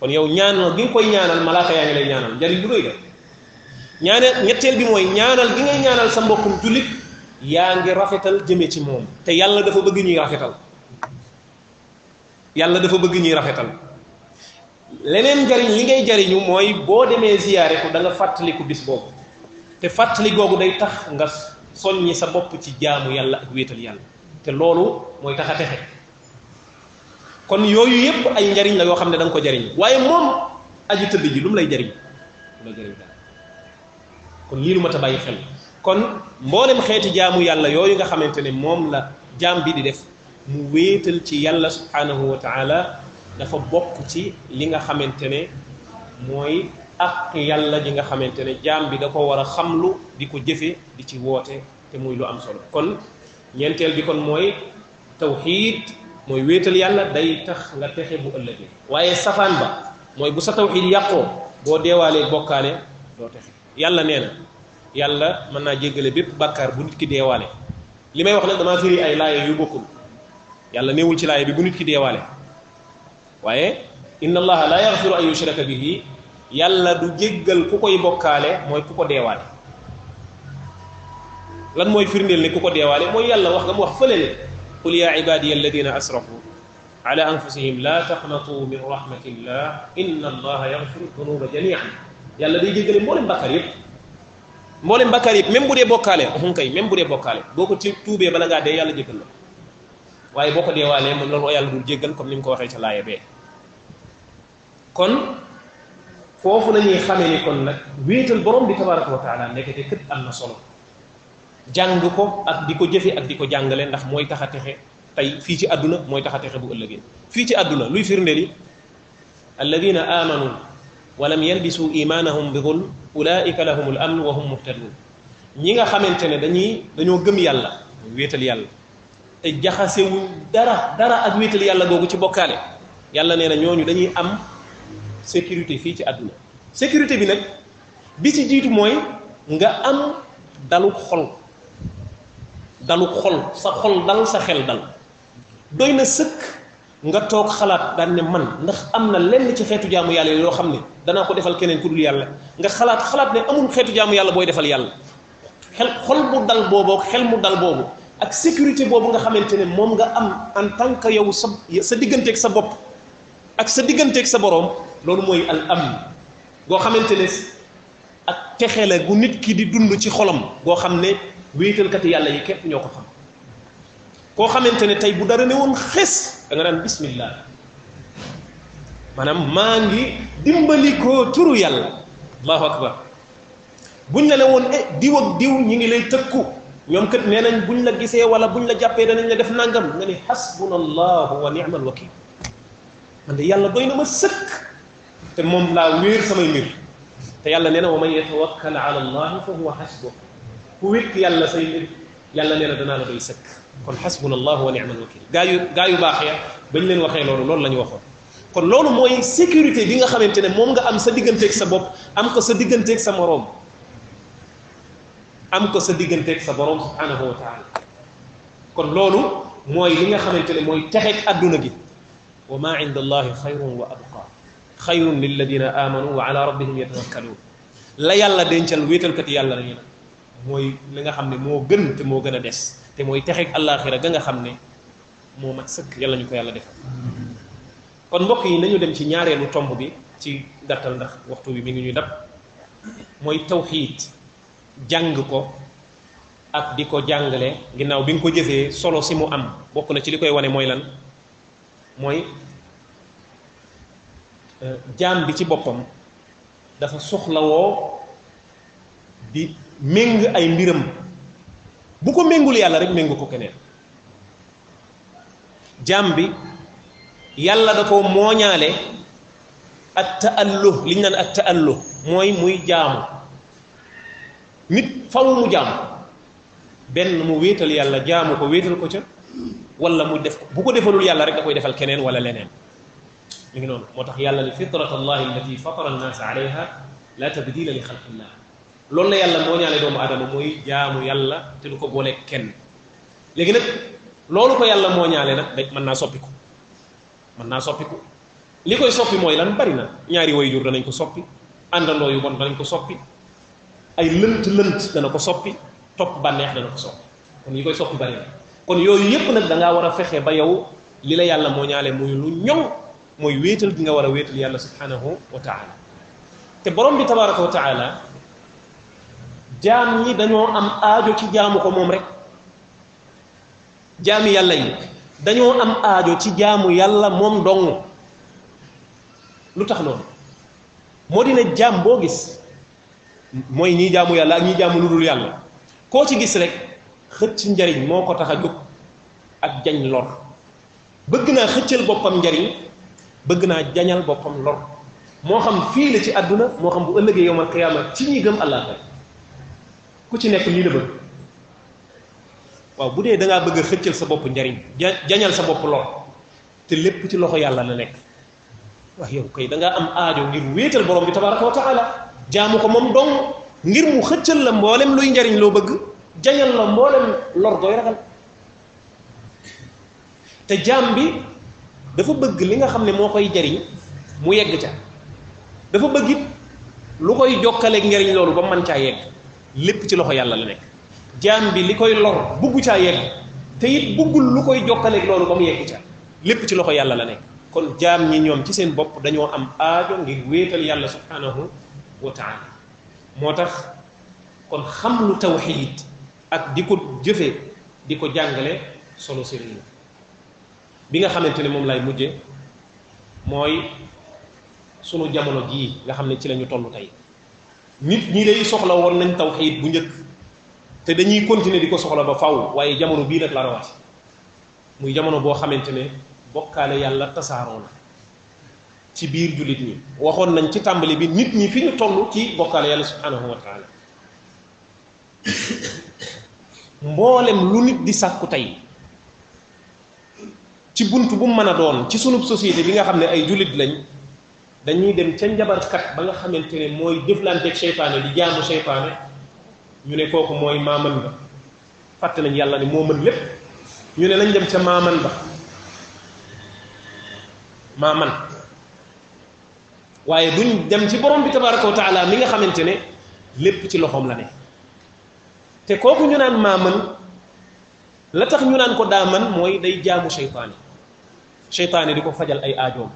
kon yow ñaanal gi nga koy ñaanal malaaka yaa ngi lay ñaanal njariñ lu rëy la ñaaneel ñetteel bi mooy ñaanal gi ngay ñaanal sa mbokkum jullit yaa ngi rafetal jëme ci moom te yàlla dafa bëgg ñuy rafetal yàlla dafa bëgg ñuy rafetal leneen jariñ li ngay jariñu mooy boo demee ziyaare ko da nga ko bis boobu te fàttali googu day tax nga soññi sa bopp ci jaamu yàlla ak wéetal yàlla te loolu mooy tax a texe kon yooyu yépp ay njariñ la yoo xam ne da nga ko jariñ waaye moom aju tëdd ji lu mu lay jariñ lu jariñ daal kon lii lu ma ta bàyyi xel kon mboolem xeeti jaamu yàlla yooyu nga xamante ne moom la jaam bi di def mu wéetal ci yàlla subhaanahu wa taala dafa bokk ci li nga xamante ne mooy ak yàlla ji nga xamante ne jaam bi da ko war a xamlu di ko jëfe di ci woote te muy lu am solo kon ñeenteel bi kon mooy tawxiid mooy wéetal yàlla day tax nga texe bu ëllëgee waaye safaan ba mooy bu sa tawxiid yàqoo boo deewaalee bokkaale doo texe yàlla nee yàlla man na jéggale bép bakkar bu nit ki déwalé limay wax nak dama firi ay laye yu bokul yàlla néwul ci laye bi bu nit ki déwalé wayé inna allaha la yaghfiru an yushraka bihi yàlla du jéggal ku koy bokalé moy ku ko déwalé lan moy firndel ni ku ko déwalé moy yàlla wax nga wax fële ne qul ya ibadiya alladhina asrafu على أنفسهم لا تقنطوا من رحمة الله إن الله يغفر الذنوب جميعا يلا دي جيجل مولم بكر يب mboolem bakkaar yëpp même bu dee bokkaale kay même bu dee bokkaale boo ko ci tuubee bala ngaa dee yàlla jéggal la waaye boo ko deewaalee moom loolu yàlla dul jéggal comme ni mu ko waxee ca laaye bee kon foofu la ñuy xamee ni kon nag wéetal borom di tabaraka wa taala nekkete kët am na solo jàng ko ak di ko jëfe ak di ko jàngale ndax mooy tax a texe tey fii ci àdduna mooy taxa a texe bu ëllëgee fii ci àdduna luy firnde li amanu walam yalbisu imaanahum bi zulm ulaika lahumul amn wa hum muhtadun ñi nga xamante ne dañuy dañoo gëm yàlla wéetal yàlla te dara dara ak wéetal yàlla googu ci bokkaale yàlla nee na ñooñu dañuy am sécurité fii ci àdduna sécurité bi nag bi ci jiitu mooy nga am daluk xol daluk xol sa xol dal sa xel dal doy na sëkk nga tok xalat daan ne man ndax amna lenn ci xétu jaamu yàlla lo xamné dana ko defal keneen kudul yàlla nga xalat xalat ne amul xétu jaamu yàlla boy defal yàlla xel xol mu dal bobo xel mu dal bobo ak sécurité bobu nga xamantene mom nga am en tant que yow sa sa ak sa bop ak sa ak sa borom loolu moy al am go xamantene ak texe gu nit ki di dund ci xolam go xamné ne kat yàlla yi kep ñoko xam ko xamantene tay bu dara newon woon xes da nga nan bismillah manam mangi dimbali ko turu yàlla allahu akbar buñ la ne woon eh diw ak diw ñi ngi lay tëkku ñom kat nenañ buñ la gisee wala buñ la jàppee danañ la def nangam ngani hasbunallahu wa ni'mal wakeel man de yàlla doyna ma sëkk te mom la wër sama mbir te yàlla nee na wa man yatawakkal ala allah fa huwa hasbuh ku wit yàlla say mbir يلا نينا دنا لا دوي سك كون حسبنا الله ونعم الوكيل غايو غايو باخيا بن لين واخي لولو لول لا ني واخو كون لولو موي سيكوريتي بيغا خامتيني موم غا ام سا ديغنتيك سا بوب ام كو سا ديغنتيك سا مروم ام كو سا ديغنتيك سا بروم سبحانه وتعالى كون لولو موي ليغا خامتيني موي تخيك ادونا بي وما عند الله خير وابقى خير للذين امنوا وعلى ربهم يتوكلون لا يلا دنجال ويتال كات يلا نينا mooy li nga xam ne moo gën te moo gën a des te mooy texeeg àllaaxira ga nga xam ne moo mat sëkk yàlla ñu ko yàlla defal kon mbokk yi nañu dem ci ñaareelu tomb bi ci gàttal ndax waxtu bi mi ngi ñuy dab mooy tawxiid jàng ko ak di ko jàngale ginnaaw bi nga ko jëfee solo si mu am bokk na ci li koy wane mooy lan mooy euh, jaan bi ci boppam dafa soxlawoo di méng ay mbiram bu ko méngul yàlla rek méngu ko kenen jambi yàlla da ko moñale at ta'alluh liñ ñu at ta'alluh moy muy jaamu nit faw mu jaamu ben mu wetal yàlla jaamu ko wetal ko ca wala mu def bu ko defalul yàlla rek da koy defal kenen wala lenen ngi non motax yàlla li fitratullahi allati fatara an-nas alayha la tabdila li khalqillah loolu la yàlla moo ñaale doomu aadama mooy jaamu yàlla te du ko boole kenn léegi nag loolu ko yàlla moo ñaale nag dañ mën naa soppiku mën naa soppiku li soppi mooy lan bari na ñaari wayjur danañ ko soppi àndandoo yu bon danañ ko soppi ay lënt lënt dana ko soppi topp bànneex dana ko soppi kon yi koy soppi bari na kon yooyu yépp nag da war a fexe ba yow li la yàlla moo ñaale muy lu ñoŋ mooy wéetal gi nga war a wéetal yàlla subhanahu wa taala te borom bi tabaraka wa jaam ñi dañoo am aajo ci jaamu ko moom rek jaami yàlla yi dañoo am aajo ci jaamu yàlla moom dong lu tax loolu moo dina jaam boo gis mooy ñii jaamu yàlla ak ñii jaamu lu dul yàlla koo ci gis rek xëcc njariñ moo ko tax a jóg ak jañ lor bëgg naa xëccal boppam njariñ bëgg naa jañal boppam lor moo xam fii la ci àdduna moo xam bu ëllëgee yowmal qiyaama ci ñi gëm àllaaxira ku ci nekk Wow, la bëgg waaw bu dee da ngaa bëgg a xëccal sa bopp njariñ jañal sa bopp lool te lépp ci loxo yàlla la nekk wax yow kay da ngaa am aajo ngir wéetal borom bi tabaraka wa taala jaamu ko moom dong ngir mu xëccal la mboolem luy njariñ loo bëgg jañal la mboolem lor doy ragal te jaam bi dafa bëgg li nga xam ne moo koy jariñ mu yegg ca dafa bëgg it lu koy jokkaleeg njariñ loolu ba man caa yegg lépp ci loxo yàlla la nekk jaam bi li koy lor bugg caa yegg te it buggul lu koy jokkaleeg loolu ba mu yegg ca lépp ci loxo yàlla la nekk kon jaam ñi ñoom ci seen bopp dañoo am aajo ngir wéetal yàlla subhanahu wa taala moo tax kon xam lu tawxiid ak di ko jëfe di ko jàngale solo sëriñ bi nga xamante ne moom lay mujje mooy sunu jamono jii nga xam ne ci lañu tollu tey nit ñi day soxla won nañ tawhid bu ñëk te dañuy continuer diko soxla ba faaw waye jamono bi nak la rawati muy jamono bo xamantene bokkale yalla yàlla tasaaroo na ci biir julit ñi waxon nañ ci tambali bi nit ñi fi ñu toll ci bokkale yalla subhanahu wa taala mbolem lu nit di sakku tay ci buntu bu mëna doon ci sunu société bi nga ay julit lañ dañuy dem ca njabarkat ba nga xamante ne mooy jëflanteeg seytaane di jaamu seytaane ñu ne kooku mooy maaman ba fàtte nañ yàlla ne moo mën lépp ñu ne lañ dem ca maaman ba maaman waaye duñ dem ci borom bi tabaraka wa mi nga xamante ne lépp ci loxoom la ne te kooku ñu naan maaman la tax ñu naan ko daa man mooy day jaamu seytaane seytaane di ko fajal ay aajoom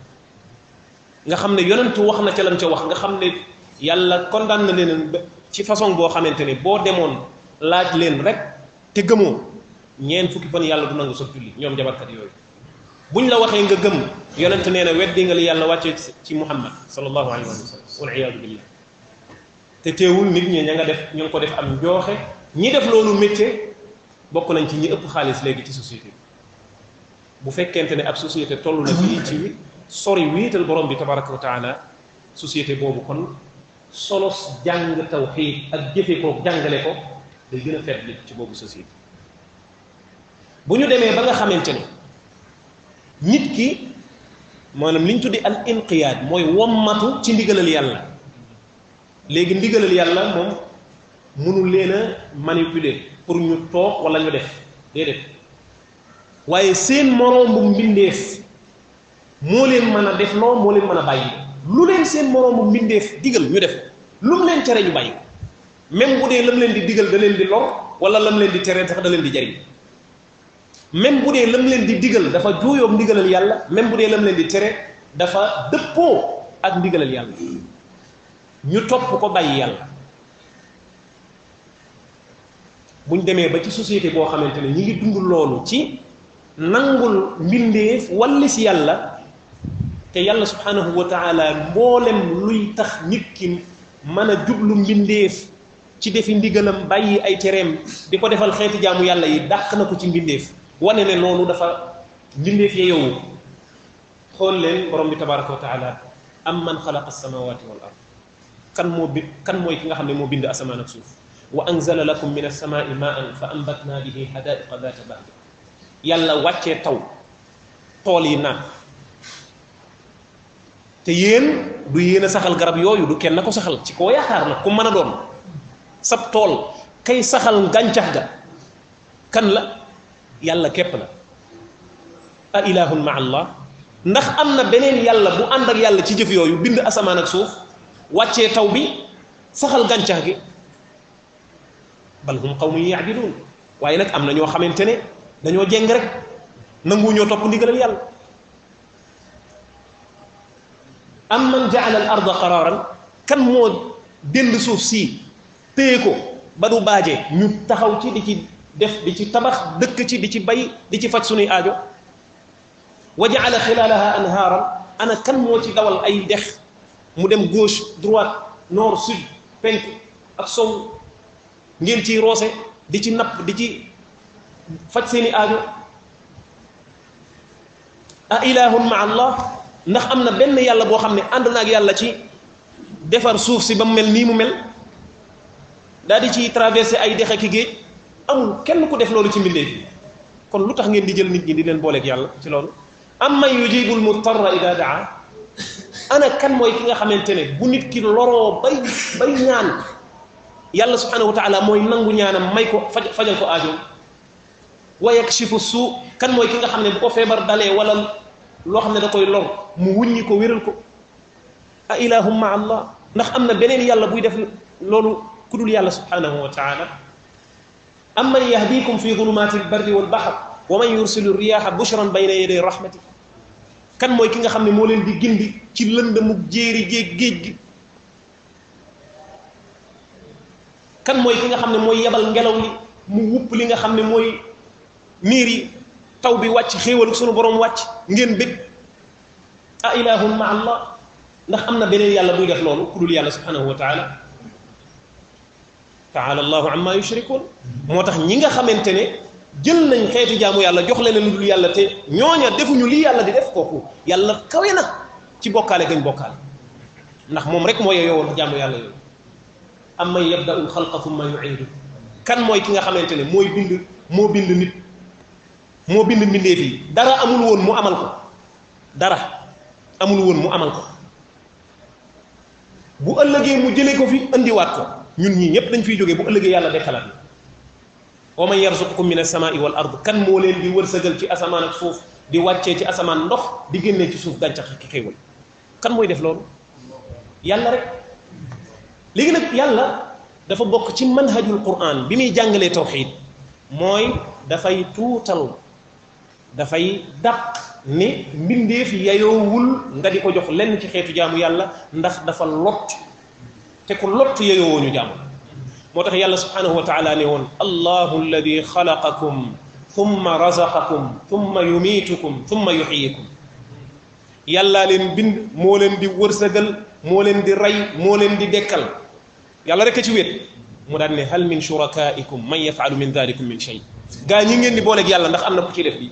nga xam ne yonentu wax na ca lam ca wax nga xam ne yàlla condamne na leen ci façon boo xamante ne boo demoon laaj leen rek te gëmoo ñeen fukki fan yàlla du nangu sa julli ñoom jabarkat yooyu buñ la waxee nga gëm yonent nee na weddi nga li yàlla ci muhammad sallallahu alayhi wa sallam wal iyadu billah te teewul nit ñi ña nga def ñu ko def am njooxe ñi def loolu métier bokk nañ ci ñi ëpp xaalis léegi ci société bu fekkente ab société toll na ci sori wéetal borom bi tabaraka wa taala société boobu kon solos jàng tawxiid ak jëfe ko jàngale ko day gën a fet li ci boobu société bu ñu demee ba nga xamante ni nit ki maanaam li ñu tuddi al inqiyaad mooy wommatu ci ndigalal yàlla léegi ndigalal yàlla moom mënul leen a manipuler pour ñu toog wala ñu def déedéet waaye seen moroomu mbindeef moo leen mën a def loo moo leen mën a bàyyi lu leen seen moroomu mbindeef digal ñu def lu mu leen cere ñu bàyyi même bu dee lam leen di digal da leen di lor wala lam leen di tere da leen di jariñ même bu dee lam leen di digal dafa juuyoom ndigalal yàlla même bu dee lam leen di tere dafa dëppoo ak ndigalal yàlla ñu topp ko bàyyi yàlla buñ demee ba ci société boo xamante ne ñu ngi dund loolu ci nangul mbindeef wallis yàlla te yàlla subhanahu wa taala mboolem luy tax nit ki mën a jublu mbindeef ci defi ndigalam bàyyi ay tereem di ko defal xeeti jaamu yàlla yi dàq na ko ci mbindeef wane ne loolu dafa mbindeef ya yow xool leen borom bi tabaraka wa taala am man xalaqa alsamawati wal ard kan moo bi kan mooy ki nga xam ne moo bind asamaan ak suuf wa anzala lakum min alsamai maan fa ambatna bihi hadaiqa data bahri yàlla wàccee taw tool yi naan te yéen du yéen saxal garab yooyu du kenn ko saxal ci koo yaakaar na ku mën a doon sab tool kay saxal gàncax ga kan la yàlla képp la a ilahun ma allah ndax am na beneen yàlla bu ànd ak yàlla ci jëf yooyu bind asamaan ak suuf wàccee taw bi saxal gàncax gi bal hum qawmun ya'dilun waaye nag am na ñoo xamante ne dañoo jéng rek ñoo topp ndigalal yàlla am man jaala al arda qararan kan mo dënd souf si téye ko ba du baje ñu taxaw ci di ci def di ci tabax dëkk ci di ci bay di ci faj sunu aajo waja'ala khilalaha xilaalaha ana kan mo ci dawal ay dex mu dem gauche droite nord sud penk ak som ngeen ci rosé di ci nap di ci faj seeni aajo a ilahun ma'allah ndax am na benn yàlla boo xam ne ànd na ak yàlla ci defar suuf si ba mu mel nii mu mel daal di ci traversé ay dex ak i géej amul kenn ku def loolu ci mbindeef yi kon lu tax ngeen di jël nit ñi di leen booleeg yàlla ci loolu am man yujibul a ida daa ana kan mooy ki nga xamante ne bu nit ki loroo bay bay ñaan yàlla subhanahu wa taala mooy nangu ñaanam may ko faj fajal ko aajo wa yakshifu suu kan mooy ki nga xam ne bu ko feebar dalee wala loo xam ne da koy lor mu wuññi ko wéral ko a ilahum ma allah ndax am na beneen yàlla buy def loolu ku dul yàlla subhanahu wa taala amman yahdikum fi dulumaati albarri walbaxar wa man yursilu riyaha bushran bayna yaday rahmati kan mooy ki nga xam ne moo leen di gindi ci lëndëmug jéeri géej géej gi kan mooy ki nga xam ne mooy yebal ngelaw li mu wupp li nga xam ne mooy niir yi taw bi wàcc xéewaluk sunu borom wàcc ngeen bég a ilahun ma allah ndax am na beneen yàlla buy def loolu kudul yàlla subhanahu wa taala taala allahu amma yushrikun moo tax ñi nga xamante ne jël nañ xeetu jaamu yàlla jox leen lu dul yàlla te ñooña defuñu li yàlla di def kooku yàlla kawe na ci bokkaale gañ bokkaale ndax moom rek moo yeyoo jaamu yàlla yooyu am man yabda'u l xalqa thumma yu'idu kan mooy ki nga xamante ne mooy bind moo bind nit moo bind mbindeef yi dara amul woon mu amal ko dara amul woon mu amal ko bu ëllëgee mu jëlee ko fi indiwaat ko ñun ñii ñëpp dañ fiy jógee bu ëllëgee yàlla dekkalaat ñu wa man yarzuqukum min as-samaa'i wal ard kan moo leen di wërsëgal ci asamaan ak suuf di wàccee ci asamaan ndox di génnee ci suuf gàncax ki kan mooy def loolu yàlla rek léegi nag yàlla dafa bokk ci manhajul quraan bi muy jàngalee tawxiid mooy dafay tuutal dafay dàq ne mbindeef yayoowul nga di ko jox lenn ci xeetu jaamu yàlla ndax dafa lott te ku lott yayoowoo ñu jaamu moo tax yàlla subhanahu wa taala ne woon allahu alladi xalaqakum thumma razaqakum thumma yumitukum thumma yuxyikum yàlla leen bind moo leen di wërsëgal moo leen di rey moo leen di dekkal yàlla rek ci wét mu daan ne hal min shurakaikum man yafalu min dalikum min shay gaa ñi ngeen di booleeg yàlla ndax am na ku ci def bi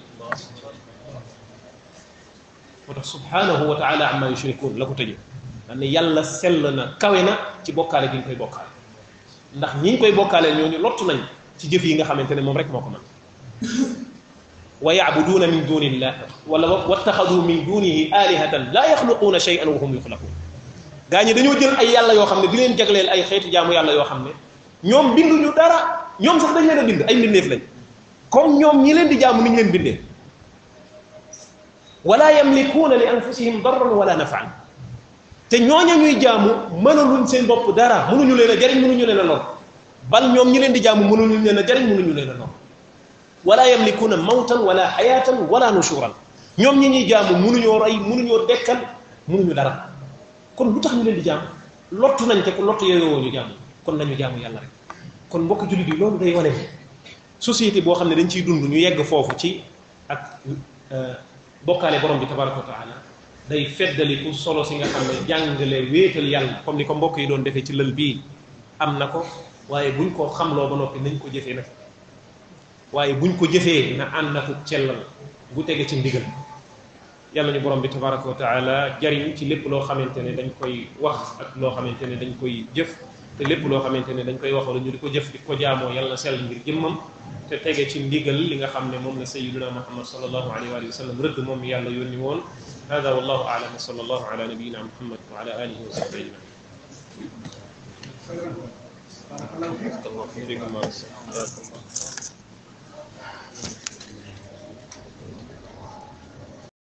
moo tax subhanahu wa taala amma yushrikun la ko tëjee ne yàlla sell na kawe na ci bokkaale gi ñu koy bokkaale ndax ñi ñu koy bokkaalee ñooñu lottu nañ ci jëf yi nga xamante ne moom rek moo ko mën wa yacbuduuna min dunillah wala wattaxadu min dunihi alihatan laa yaxluquuna cheyan wa hum yuxlaquun gaa ñi dañoo jël ay yàlla yoo xam ne di leen jagleel ay xeetu jaamu yàlla yoo xam ne ñoom binduñu dara ñoom sax dañ leen a bind ay mbindeef lañ comme ñoom ñi leen di jaamu ni ñu leen bindee ولا يملكون لانفسهم anfusihim ولا wala naf'an te ñooña ñuy jaamu mënuluñ seen bopp dara mënuñu leen a jariñ mënuñu leen a lor bal ñoom ñi leen di jaamu mënuñu leen jariñ mënuñu leen lor wala yamlikuna mawtan wala hayatan wala nushuran ñoom ñi ñuy jaamu mënuñoo rey mënuñoo dekkal mënuñu dara kon lu tax ñu leen di jaamu lottu nañ te ku lottu yeewoo ñu jaamu kon nañu jaamu yàlla rek kon mbokk jullit yi loolu day wane société boo xam dañ ciy dund ñu yegg foofu ci ak bokkaale borom bi tabaraka taala day feddaliku solo si nga xam ne jàngale wéetal yàlla comme ni ko mbokk yi doon defee ci lël bii am na ko waaye buñ ko xamloo ba noppi nañ ko jëfee nag waaye buñ ko jëfee na ànd ak cellal bu tege ci ndigal yàlla ñu borom bi tabaraka wa taala jariñ ci lépp loo xamante ne dañ koy wax ak loo xamante ne dañ koy jëf te lépp loo xamante ne dañ koy wax wala ñu di ko jëf di ko jaamoo yàlla sell ngir jëmmam te tege ci ndigal li nga xam ne moom la sayiduna muhammad salallahu alayhi wa sallam rëdd moom yàlla yónni woon hada wallahu alam wa salallahu ala nabiyina muhammad wa ala alihi wa sahbihi ajmain